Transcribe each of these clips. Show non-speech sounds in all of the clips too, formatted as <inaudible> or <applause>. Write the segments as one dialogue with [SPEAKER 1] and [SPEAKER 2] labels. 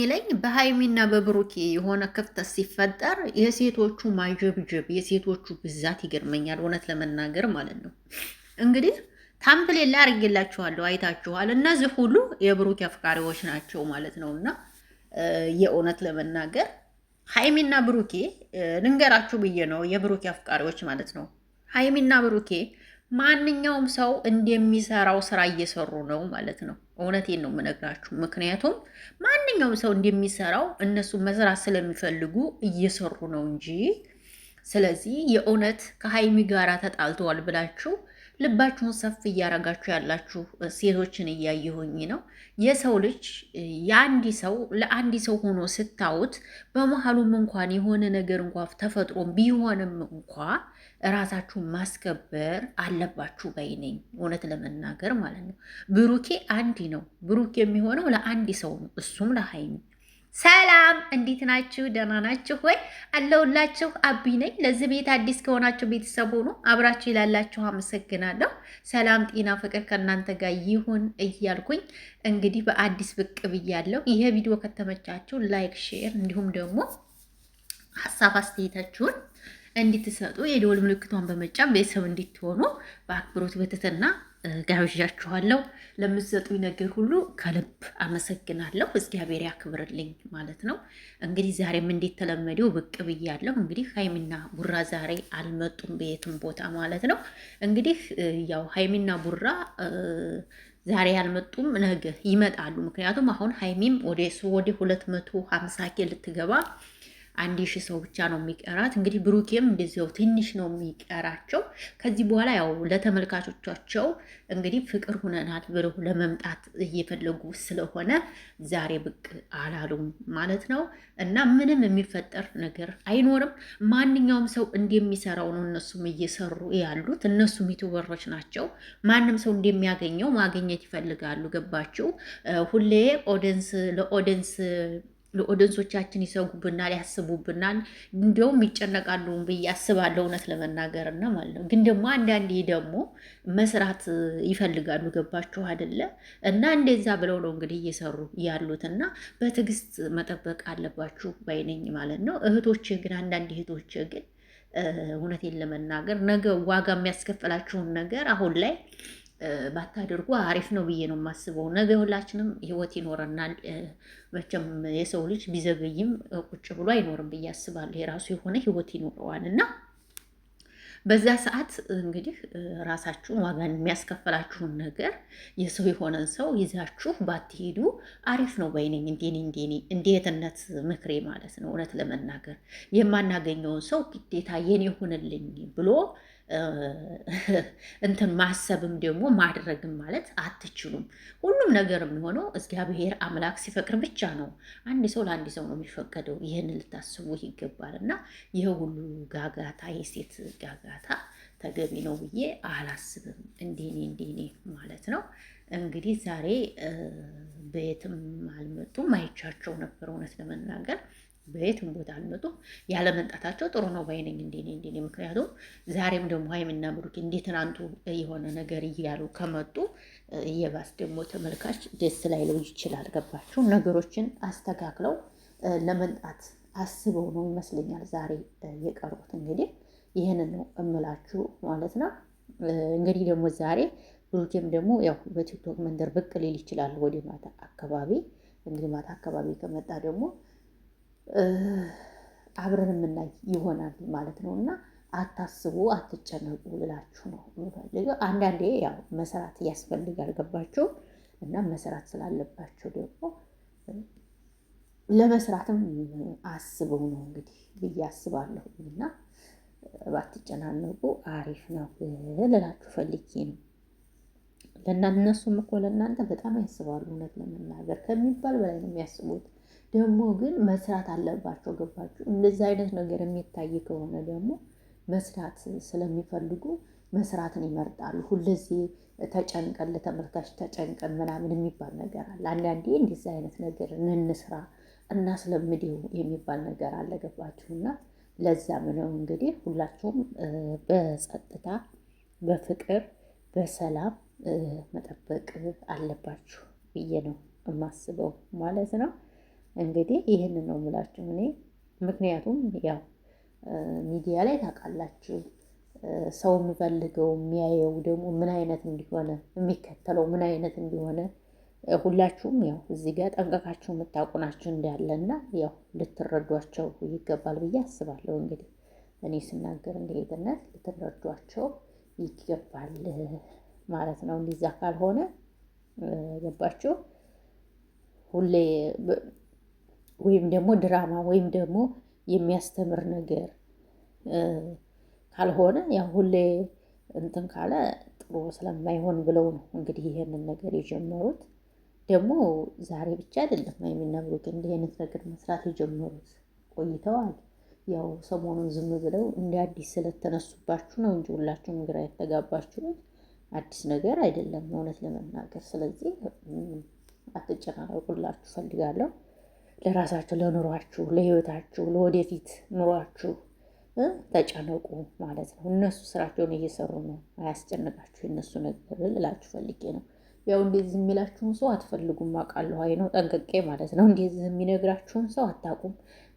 [SPEAKER 1] የሚለኝ በሀይሚና በብሩኬ የሆነ ክፍተት ሲፈጠር የሴቶቹ ማጀብጀብ የሴቶቹ ብዛት ይገርመኛል፣ እውነት ለመናገር ማለት ነው። እንግዲህ ታምፕሌ ላይ አድርጌላችኋለሁ፣ አይታችኋል። እነዚህ ሁሉ የብሩኬ አፍቃሪዎች ናቸው ማለት ነው። እና የእውነት ለመናገር ሀይሚና ብሩኬ ልንገራችሁ ብዬ ነው፣ የብሩኬ አፍቃሪዎች ማለት ነው። ሀይሚና ብሩኬ ማንኛውም ሰው እንደሚሰራው ስራ እየሰሩ ነው ማለት ነው። እውነቴን ነው የምነግራችሁ። ምክንያቱም ማንኛውም ሰው እንደሚሰራው እነሱ መስራት ስለሚፈልጉ እየሰሩ ነው እንጂ ስለዚህ የእውነት ከሀይሚ ጋራ ተጣልተዋል ብላችሁ ልባችሁን ሰፍ እያረጋችሁ ያላችሁ ሴቶችን እያየሁኝ ነው። የሰው ልጅ የአንድ ሰው ለአንድ ሰው ሆኖ ስታዩት በመሀሉም እንኳን የሆነ ነገር እንኳ ተፈጥሮም ቢሆንም እንኳ ራሳችሁን ማስከበር አለባችሁ በይነኝ እውነት ለመናገር ማለት ነው። ብሩኬ አንድ ነው። ብሩኬ የሚሆነው ለአንድ ሰው ነው፣ እሱም ለሀይሚ ሰላም እንዴት ናችሁ? ደህና ናችሁ ወይ? አለሁላችሁ። አቢ ነኝ። ለዚህ ቤት አዲስ ከሆናችሁ ቤተሰብ ሆኑ አብራችሁ ይላላችሁ። አመሰግናለሁ። ሰላም፣ ጤና፣ ፍቅር ከእናንተ ጋር ይሁን እያልኩኝ እንግዲህ በአዲስ ብቅ ብያለሁ። ይሄ ቪዲዮ ከተመቻችሁ ላይክ፣ ሼር እንዲሁም ደግሞ ሀሳብ አስተያየታችሁን እንድትሰጡ የደወል ምልክቷን በመጫን ቤተሰብ እንድትሆኑ በአክብሮት በትህትና ጋብዣችኋለሁ። ለምትሰጡኝ ነገር ሁሉ ከልብ አመሰግናለሁ። እግዚአብሔር ያክብርልኝ ማለት ነው። እንግዲህ ዛሬም እንዴት ተለመደው ብቅ ብያለሁ። እንግዲህ ሀይሚና ቡራ ዛሬ አልመጡም በየትም ቦታ ማለት ነው። እንግዲህ ያው ሀይሚና ቡራ ዛሬ ያልመጡም ነገ ይመጣሉ። ምክንያቱም አሁን ሀይሚም ወደ ሁለት መቶ ሀምሳ ኬ ልትገባ አንድ ሺህ ሰው ብቻ ነው የሚቀራት። እንግዲህ ብሩኬም እንደዚያው ትንሽ ነው የሚቀራቸው። ከዚህ በኋላ ያው ለተመልካቾቻቸው እንግዲህ ፍቅር ሁነናት ብለው ለመምጣት እየፈለጉ ስለሆነ ዛሬ ብቅ አላሉም ማለት ነው እና ምንም የሚፈጠር ነገር አይኖርም። ማንኛውም ሰው እንደሚሰራው ነው እነሱም እየሰሩ ያሉት። እነሱም ዩቱበሮች ናቸው። ማንም ሰው እንደሚያገኘው ማግኘት ይፈልጋሉ። ገባችሁ? ሁሌ ኦደንስ ለኦደንስ ለኦደንሶቻችን ይሰጉብናል፣ ያስቡብናል፣ እንዲሁም ይጨነቃሉ ብዬ አስባለሁ እውነት ለመናገር እና ማለት ነው። ግን ደግሞ አንዳንዴ ደግሞ መስራት ይፈልጋሉ። ገባችሁ አይደለ? እና እንደዛ ብለው ነው እንግዲህ እየሰሩ ያሉት እና በትዕግስት መጠበቅ አለባችሁ ባይነኝ ማለት ነው። እህቶች ግን አንዳንድ እህቶቼ ግን እውነቴን ለመናገር ነገ ዋጋ የሚያስከፍላችሁን ነገር አሁን ላይ ባታደርጉ አሪፍ ነው ብዬ ነው የማስበው። ነገ ሁላችንም ህይወት ይኖረናል። መቼም የሰው ልጅ ቢዘገይም ቁጭ ብሎ አይኖርም ብዬ አስባለሁ። የራሱ የሆነ ህይወት ይኖረዋል እና በዛ ሰዓት እንግዲህ ራሳችሁን ዋጋን የሚያስከፍላችሁን ነገር የሰው የሆነን ሰው ይዛችሁ ባትሄዱ አሪፍ ነው በይነኝ። እንዴኔ እንዴኔ እንዴትነት ምክሬ ማለት ነው። እውነት ለመናገር የማናገኘውን ሰው ግዴታ የኔ ሆንልኝ ብሎ <laughs> እንትን ማሰብም ደግሞ ማድረግም ማለት አትችሉም። ሁሉም ነገር የሚሆነው እግዚአብሔር አምላክ ሲፈቅር ብቻ ነው። አንድ ሰው ለአንድ ሰው ነው የሚፈቀደው። ይህን ልታስቡ ይገባል። እና ይህ ሁሉ ጋጋታ የሴት ጋጋታ ተገቢ ነው ብዬ አላስብም። እንዲኔ እንዲኔ ማለት ነው። እንግዲህ ዛሬ ቤትም አልመጡም፣ አይቻቸው ነበር እውነት ለመናገር በየትም ቦታ ያለ ያለመምጣታቸው ጥሩ ነው ባይነኝ እንዲ እንዲ ምክንያቱም ዛሬም ደግሞ ሀይሚና ብሩኬ እንዴ ትናንቱ የሆነ ነገር እያሉ ከመጡ የባስ ደግሞ ተመልካች ደስ ላይለው ይችላል። ገባችሁ? ነገሮችን አስተካክለው ለመምጣት አስበው ነው ይመስለኛል ዛሬ የቀሩት። እንግዲህ ይህንን ነው እምላችሁ ማለት ነው። እንግዲህ ደግሞ ዛሬ ብሩኬም ደግሞ ያው በቲክቶክ መንደር ብቅ ሊል ይችላል ወደ ማታ አካባቢ። እንግዲህ ማታ አካባቢ ከመጣ ደግሞ አብረን የምናይ ይሆናል ማለት ነው እና አታስቡ፣ አትጨነቁ ልላችሁ ነው የምፈልገው። አንዳንዴ ያው መሰራት ያስፈልጋል ገባችሁ እና መሰራት ስላለባቸው ደግሞ ለመስራትም አስበው ነው እንግዲህ ብዬ አስባለሁ እና ባትጨናነቁ አሪፍ ነው ልላችሁ ፈልጌ ነው። ለእናነሱም እኮ ለእናንተ በጣም ያስባሉ። እውነት ለመናገር ከሚባል በላይ ነው የሚያስቡት። ደግሞ ግን መስራት አለባቸው። ገባችሁ? እንደዚህ አይነት ነገር የሚታይ ከሆነ ደግሞ መስራት ስለሚፈልጉ መስራትን ይመርጣሉ። ሁለዚህ ተጨንቀን ለተመልካች ተጨንቀን ምናምን የሚባል ነገር አለ። አንዳንዴ እንደዚህ አይነት ነገር እንስራ እና ስለምድው የሚባል ነገር አለ። ገባችሁና ለዛ ምነው እንግዲህ ሁላችሁም በጸጥታ በፍቅር በሰላም መጠበቅ አለባችሁ ብዬ ነው የማስበው ማለት ነው። እንግዲህ ይህንን ነው የምላችሁ እኔ ምክንያቱም ያው ሚዲያ ላይ ታውቃላችሁ ሰው የሚፈልገው የሚያየው ደግሞ ምን አይነት እንዲሆነ የሚከተለው ምን አይነት እንዲሆነ ሁላችሁም ያው እዚህ ጋር ጠንቀቃችሁ የምታውቁ ናችሁ እና ያው ልትረዷቸው ይገባል ብዬ አስባለሁ። እንግዲህ እኔ ስናገር እንደሄድነት ልትረዷቸው ይገባል ማለት ነው። እንዲዛ ካልሆነ ገባችሁ ሁሌ ወይም ደግሞ ድራማ ወይም ደግሞ የሚያስተምር ነገር ካልሆነ ያው ሁሌ እንትን ካለ ጥሩ ስለማይሆን ብለው ነው እንግዲህ ይሄንን ነገር የጀመሩት። ደግሞ ዛሬ ብቻ አይደለም ሃይሚና ብሩክ እንዲህ አይነት ነገር መስራት የጀመሩት ቆይተዋል። ያው ሰሞኑን ዝም ብለው እንደ አዲስ ስለተነሱባችሁ ነው እንጂ ሁላችሁም ግራ የተጋባችሁት አዲስ ነገር አይደለም እውነት ለመናገር። ስለዚህ አትጨናነቁላችሁ ፈልጋለሁ። ለራሳችሁ፣ ለኑሯችሁ፣ ለህይወታችሁ፣ ለወደፊት ኑሯችሁ ተጨነቁ ማለት ነው። እነሱ ስራቸውን እየሰሩ ነው። አያስጨንቃችሁ የነሱ ነገር ልላችሁ ፈልጌ ነው። ያው እንደዚህ የሚላችሁን ሰው አትፈልጉም፣ አውቃለሁ። አይ ነው ጠንቅቄ ማለት ነው። እንደዚህ የሚነግራችሁን ሰው አታውቁም።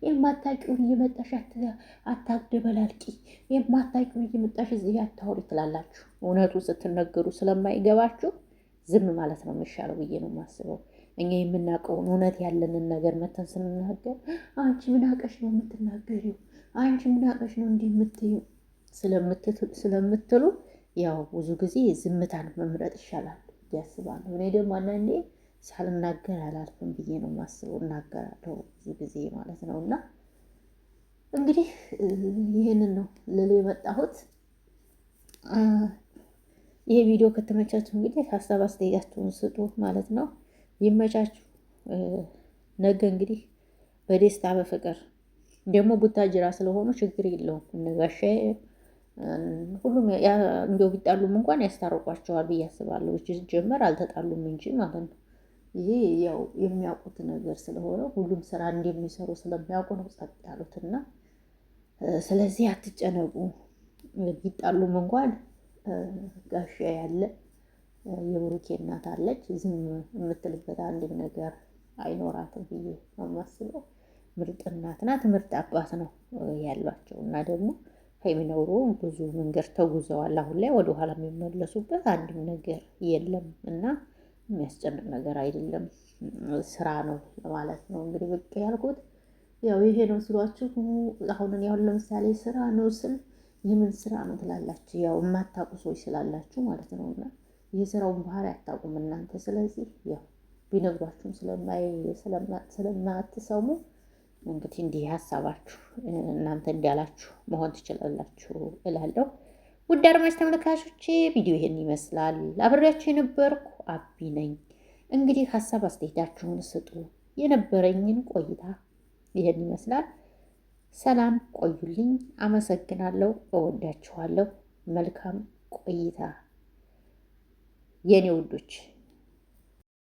[SPEAKER 1] የማታውቂውን እየመጣሽ አታደበላልቂ፣ የማታውቂውን እየመጣሽ እዚህ አታውሪ ትላላችሁ። እውነቱ ስትነገሩ ስለማይገባችሁ ዝም ማለት ነው የሚሻለው ብዬ ነው የማስበው። እኛ የምናውቀውን እውነት ያለንን ነገር መተን ስንናገር አንቺ ምን አውቀሽ ነው የምትናገሪው? አንቺ ምን አውቀሽ ነው እንዲህ የምትይው ስለምትሉ ያው ብዙ ጊዜ ዝምታን መምረጥ ይሻላል ያስባሉ። እኔ ደግሞ አንዳንዴ ሳልናገር አላልፍም ብዬ ነው የማስበው። እናገራለሁ ብዙ ጊዜ ማለት ነው። እና እንግዲህ ይህንን ነው ልል የመጣሁት። ይሄ ቪዲዮ ከተመቻችሁ እንግዲህ ሀሳብ አስተያየታችሁን ስጡ ማለት ነው። ይመቻችሁ። ነገ እንግዲህ በደስታ በፍቅር ደግሞ ቡታጅራ ስለሆኑ ችግር የለውም። እነጋሻ ሁሉም እንዲ ቢጣሉም እንኳን ያስታርቋቸዋል ብዬ አስባለሁ። ሲጀመር አልተጣሉም እንጂ ማለት ነው። ይሄ ያው የሚያውቁት ነገር ስለሆነ ሁሉም ስራ እንደሚሰሩ ስለሚያውቁ ነው ጸጥ ስለዚህ አትጨነቁ። ቢጣሉም እንኳን ጋሻ ያለ የብሩኬ እናት አለች። ዝም የምትልበት አንድም ነገር አይኖራትም ብዬ ነው የማስበው። ምርጥ እናት ናት። ምርጥ አባት ነው ያሏቸው እና ደግሞ ከሚኖሩ ብዙ መንገድ ተጉዘዋል። አሁን ላይ ወደኋላ የሚመለሱበት አንድም ነገር የለም እና የሚያስጨንቅ ነገር አይደለም። ስራ ነው ማለት ነው እንግዲህ ብቅ ያልኩት ያው ይሄ ነው ስሏችሁ። አሁንን ያሁን ለምሳሌ ስራ ነው ስል የምን ስራ ነው ትላላችሁ፣ ያው የማታውቁ ሰዎች ስላላችሁ ማለት ነው እና የስራውን ባህሪ አታውቁም እናንተ። ስለዚህ ያው ቢነግሯችሁም ስለማትሰሙ እንግዲህ እንዲህ ሀሳባችሁ እናንተ እንዲያላችሁ መሆን ትችላላችሁ እላለሁ። ውድ አድማጭ ተመልካቾቼ ቪዲዮ ይሄን ይመስላል። አብሬያችሁ የነበርኩ አቢ ነኝ። እንግዲህ ሀሳብ አስተያየታችሁን ስጡ። የነበረኝን ቆይታ ይሄን ይመስላል። ሰላም ቆዩልኝ። አመሰግናለሁ። እወዳችኋለሁ። መልካም ቆይታ የኔ ውዶች